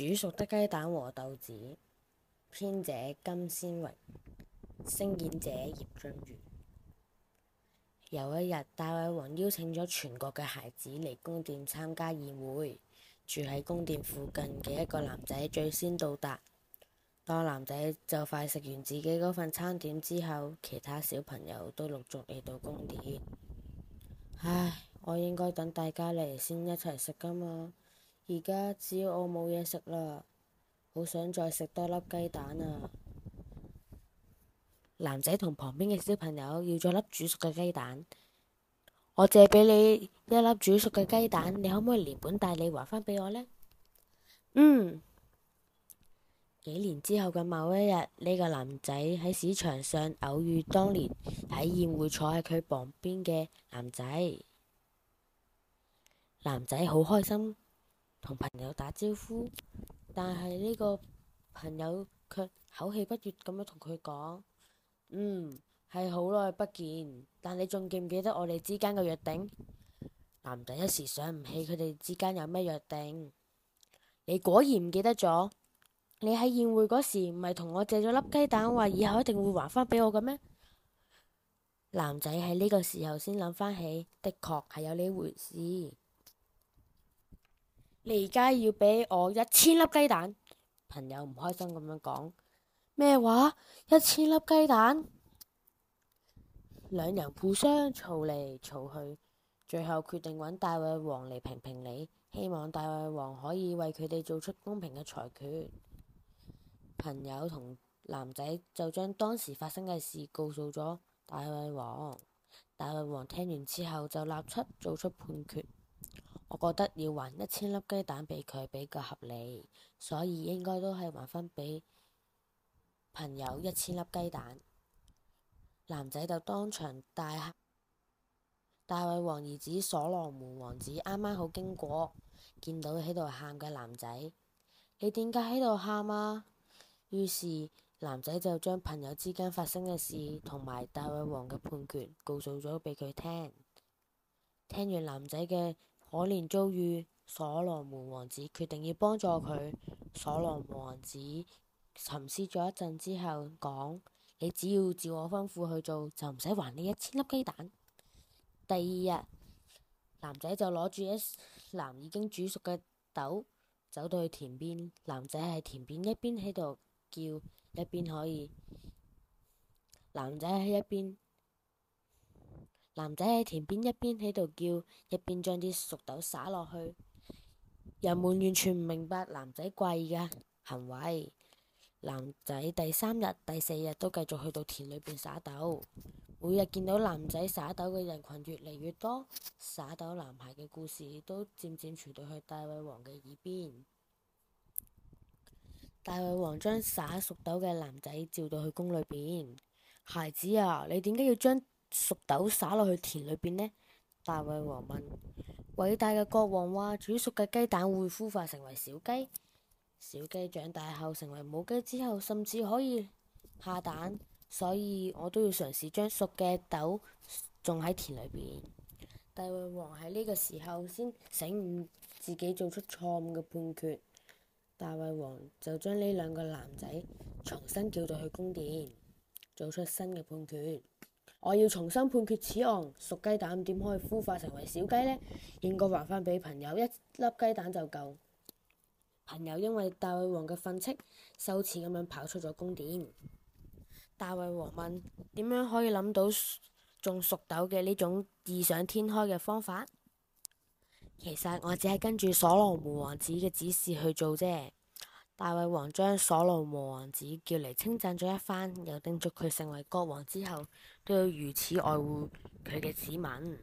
煮熟的雞蛋和豆子。編者金先榮，飾演者葉峻渝。 有一日，大衛王邀請咗全國嘅孩子嚟宮殿參加宴會。住喺宮殿附近嘅一個男仔最先到達。當男仔就快食完自己嗰份餐點之後，其他小朋友都陸續嚟到宮殿。唉，我應該等大家嚟先一齊食㗎嘛。而家只要我冇嘢食啦，好想再食多粒雞蛋啊！男仔同旁邊嘅小朋友要咗粒煮熟嘅雞蛋，我借俾你一粒煮熟嘅雞蛋，你可唔可以連本帶利還返俾我呢？嗯，幾年之後嘅某一日，呢個男仔喺市場上偶遇當年喺宴會坐喺佢旁邊嘅男仔，男仔好開心。同朋友打招呼，但係呢個朋友卻口氣不悦咁樣同佢講：嗯，係好耐不見，但你仲記唔記得我哋之間嘅約定？男仔一時想唔起佢哋之間有咩約定。你果然唔記得咗？你喺宴會嗰時唔係同我借咗粒雞蛋，話以後一定會還翻俾我嘅咩？男仔喺呢個時候先諗翻起，的確係有呢回事。你而家要俾我一千粒雞蛋，朋友唔開心咁樣講咩話？一千粒雞蛋，兩人互相嘈嚟嘈去，最後決定揾大胃王嚟評評理，希望大胃王可以為佢哋做出公平嘅裁決。朋友同男仔就將當時發生嘅事告訴咗大胃王，大胃王聽完之後就立出做出判決。我覺得要還一千粒雞蛋俾佢比較合理，所以應該都係還返俾朋友一千粒雞蛋。男仔就當場大喊，大衛王兒子所羅門王子啱啱好經過，見到喺度喊嘅男仔，你點解喺度喊啊？於是男仔就將朋友之間發生嘅事同埋大衛王嘅判決告訴咗俾佢聽，聽完男仔嘅可憐遭遇所羅門王子，決定要幫助佢。所羅門王子沉思咗一陣之後，講：你只要照我吩咐去做，就唔使還你一千粒雞蛋。第二日，男仔就攞住一籃已經煮熟嘅豆，走到去田邊。男仔喺田邊一邊喺度叫，一邊可以。男仔喺一邊。男仔喺田邊一邊喺度叫，一邊將啲熟豆撒落去。人們完全唔明白男仔怪嘅行為。男仔第三日、第四日都繼續去到田裏邊撒豆。每日見到男仔撒豆嘅人群越嚟越多，撒豆男孩嘅故事都漸漸傳到去大衛王嘅耳邊。大衛王將撒熟豆嘅男仔召到去宮裏邊。孩子啊，你點解要將？熟豆撒落去田裏邊呢？大衛王問，偉大嘅國王話：煮熟嘅雞蛋會孵化成為小雞，小雞長大後成為母雞之後，甚至可以下蛋。所以我都要嘗試將熟嘅豆種喺田裏邊。大衛王喺呢個時候先醒悟自己做出錯誤嘅判決。大衛王就將呢兩個男仔重新叫到去宮殿，做出新嘅判決。我要重新判決此案。熟雞蛋點可以孵化成為小雞呢？應該還翻俾朋友一粒雞蛋就夠。朋友因為大衛王嘅訓斥，羞恥咁樣跑出咗宮殿。大衛王問：點樣可以諗到種熟豆嘅呢種異想天開嘅方法？其實我只係跟住所羅門王子嘅指示去做啫。大衛王將所羅門王子叫嚟稱讚咗一番，又叮囑佢成為國王之後都要如此愛護佢嘅子民。